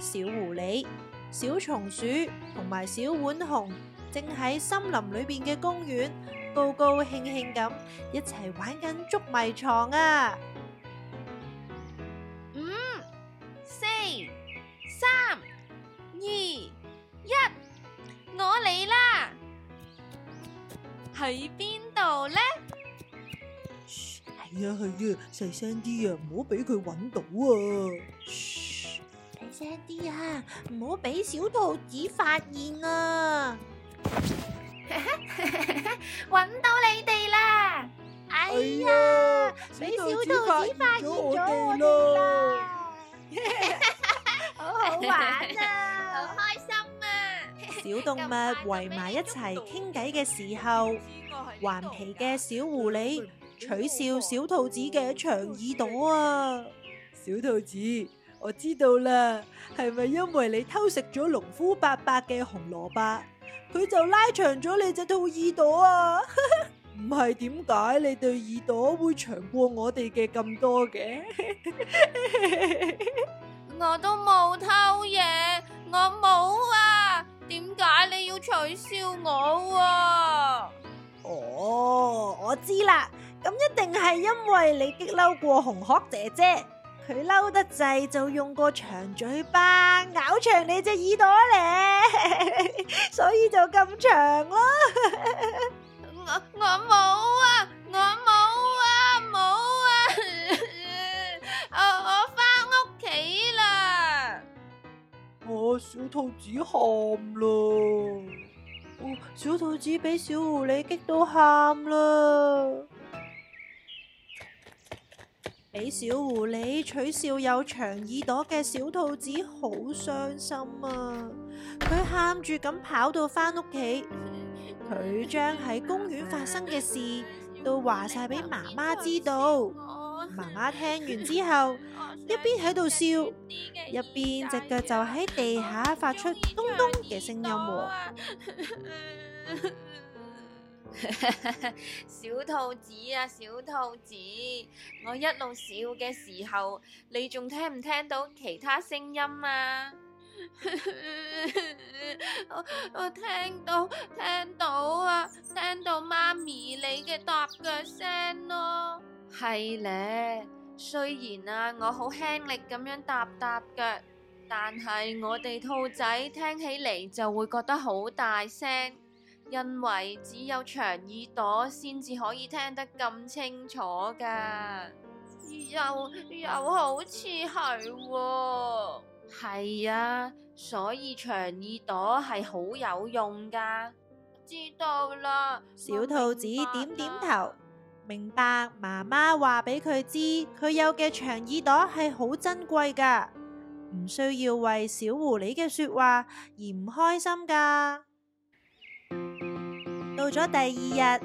小狐狸、小松鼠同埋小浣熊正喺森林裏邊嘅公園，高高興興咁一齊玩緊捉迷藏啊！五、四、三、二、一，我嚟啦！喺邊度呢？係啊係啊，細聲啲啊，唔好俾佢搵到啊！細聲啲啊，唔好俾小兔子發現啊！揾到你哋啦！哎呀，俾小兔子發現咗我哋啦！好好玩啊，好開心啊！小動物圍埋一齊傾偈嘅時候，頑皮嘅小狐狸取笑小兔子嘅長耳朵啊！小兔子。我知道啦，係咪因為你偷食咗農夫伯伯嘅紅蘿蔔，佢就拉長咗你隻兔耳朵啊？唔係，點解你對耳朵會長過我哋嘅咁多嘅 ？我都冇偷嘢，我冇啊！點解你要取笑我啊？哦，我知啦，咁一定係因為你激嬲過紅殼姐姐。佢嬲得滯就用個長嘴巴咬長你隻耳朵嚟， 所以就咁長咯 我。我我冇啊，我冇啊，冇啊！ 我我翻屋企啦。我小兔子喊啦！小兔子俾、哦、小狐狸激到喊啦！俾小狐狸取笑有長耳朵嘅小兔子，好傷心啊！佢喊住咁跑到返屋企，佢將喺公園發生嘅事都話晒俾媽媽知道。媽媽聽完之後，一邊喺度笑，一邊隻腳就喺地下發出咚咚嘅聲音。 小兔子啊，小兔子，我一路笑嘅時候，你仲聽唔聽到其他聲音啊？ 我我聽到聽到啊，聽到媽咪你嘅踏腳聲咯。係咧，雖然啊，我好輕力咁樣踏踏腳，但係我哋兔仔聽起嚟就會覺得好大聲。因為只有長耳朵先至可以聽得咁清楚噶又又好似係喎。係啊，所以長耳朵係好有用噶知道啦，小兔子點點頭，明白媽媽話俾佢知，佢有嘅長耳朵係好珍貴噶，唔需要為小狐狸嘅說話而唔開心噶。到咗第二日，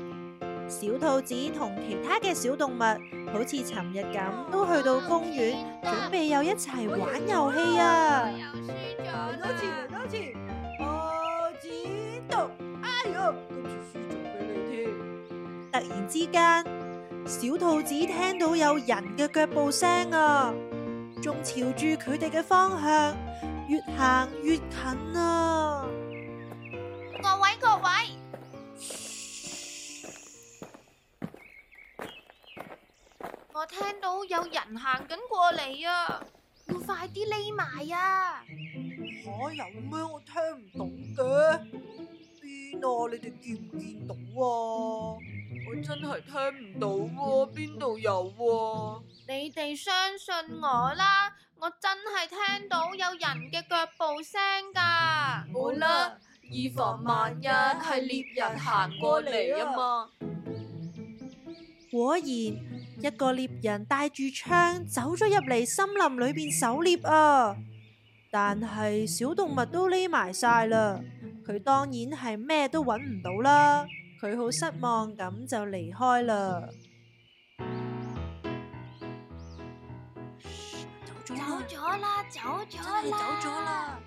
小兔子同其他嘅小動物好似尋日咁，都去到公園準備又一齊玩遊戲啊！突然之間，小兔子聽到有人嘅腳步聲啊，仲朝住佢哋嘅方向越行越近啊！我聽到有人行緊過嚟啊！要快啲匿埋啊！吓、啊、有咩？我聽唔到嘅邊啊！你哋見唔見到啊？我真係聽唔到邊度有啊！你哋相信我啦！我真係聽到有人嘅腳步聲噶、啊！好啦、嗯，以防萬一係獵人行過嚟啊嘛！果然。一個獵人帶住槍走咗入嚟森林裏邊狩獵啊，但係小動物都匿埋晒啦，佢當然係咩都揾唔到啦，佢好失望咁就離開啦。走咗啦，走咗啦，真係走咗啦！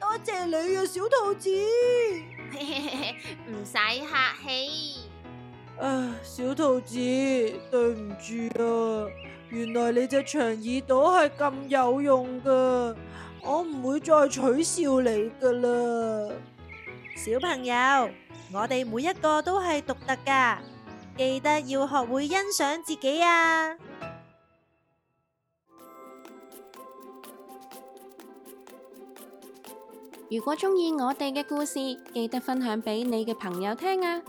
多謝你啊，小兔子，唔使客氣。啊，小兔子，對唔住啊！原來你隻長耳朵係咁有用噶，我唔會再取笑你噶啦。小朋友，我哋每一個都係獨特噶，記得要學會欣賞自己啊！如果中意我哋嘅故事，記得分享俾你嘅朋友聽啊！